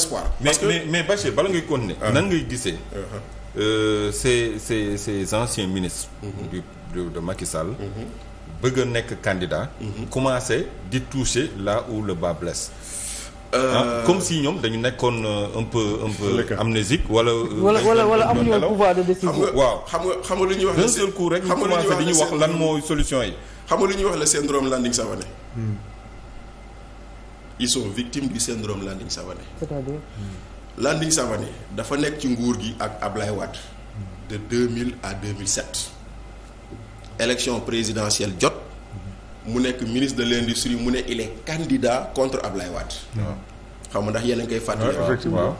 espoir. parce que mais mais Bachir bala ngay continuer. Ah. nan ngay gisee. Uh-huh. Euh, ces ces ces anciens ministres. Mm-hmm. du de de Macky Sall. Mm-hmm. bëgg a nekk candidat. Mm-hmm. commencer di toucher là où le bas blesse. Euh, ah, comme si ñoom dañu nekkoon euh, un peu un peu amnésique wala. wala wala wala amuñu woon pouvoir de décision. waaw xam nga xam nga lu ñuy wax. d'un seul coup rek ñu commencé di ñu wax lan mooy solution yi. xam nga lu ñu wax le syndrome Landing Savané. Hmm. ils sont victimes du syndrome Landing Savané. c'est-à-dire. Hmm. Landing Savané dafa nekk ci nguur gi ak ab Ablaye Wade. de 2000 à 2007. élection présidentielle jot. mu nekk ministre de l'industrie mu ne il est candidat contre Ablaye Wade. Hmm. xam nga ndax yéen a ngi koy fàttali. effectivement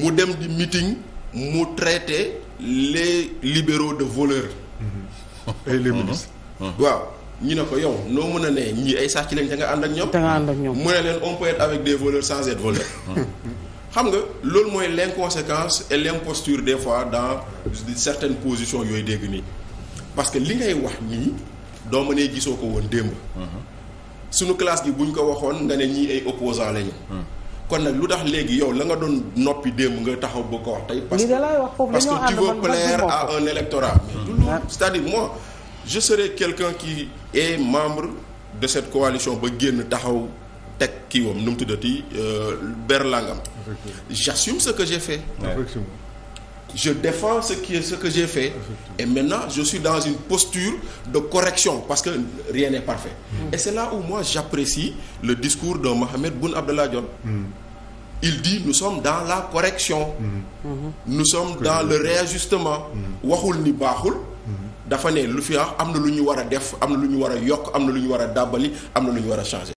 mu dem di meeting mu traité les libéraux de voleurs. Hmm. waaw. ñu ne ko yow noo mën a ne ñii ay sàcc lañ te nga ànd ak ñoom. te nga ànd ak mu ne leen on peut être avec des voleurs sans être voleur. xam nga loolu mooy l'inconséquence et l'imposture des fois dans certaines positions yooyu dégg nii parce que li ngay wax nii doo ma ne gisoo ko woon démb. Mm-hmm. suñu classe gi buñ ko waxoon nga ne ñii ay opposants lañu. Mm-hmm. kon nag lu tax léegi yow la nga doon noppi démb nga taxaw ba ko wax tey. parce que parce que tu veux plaire à je serai quelqu'un qui est membre de cette coalition ba génn taxaw teg ki wam nu mu tuddati euh, ber langam j'assume ce que j'ai fait je défends ce que j'ai fait et maintenant je suis dans une posture de correction parce que rien n'est parfait mm. et c'est là où moi j'apprécie le discours de Mohamed Boun Abdallah Dionne mm. il dit nous sommes dans la correction mm. nous sommes dans le réajustement waxul ni baaxul dafa ne lu fi am na lu ñu war a def am na lu ñu war a yokk am na lu ñu war a dàbbali am na lu ñu war a changer.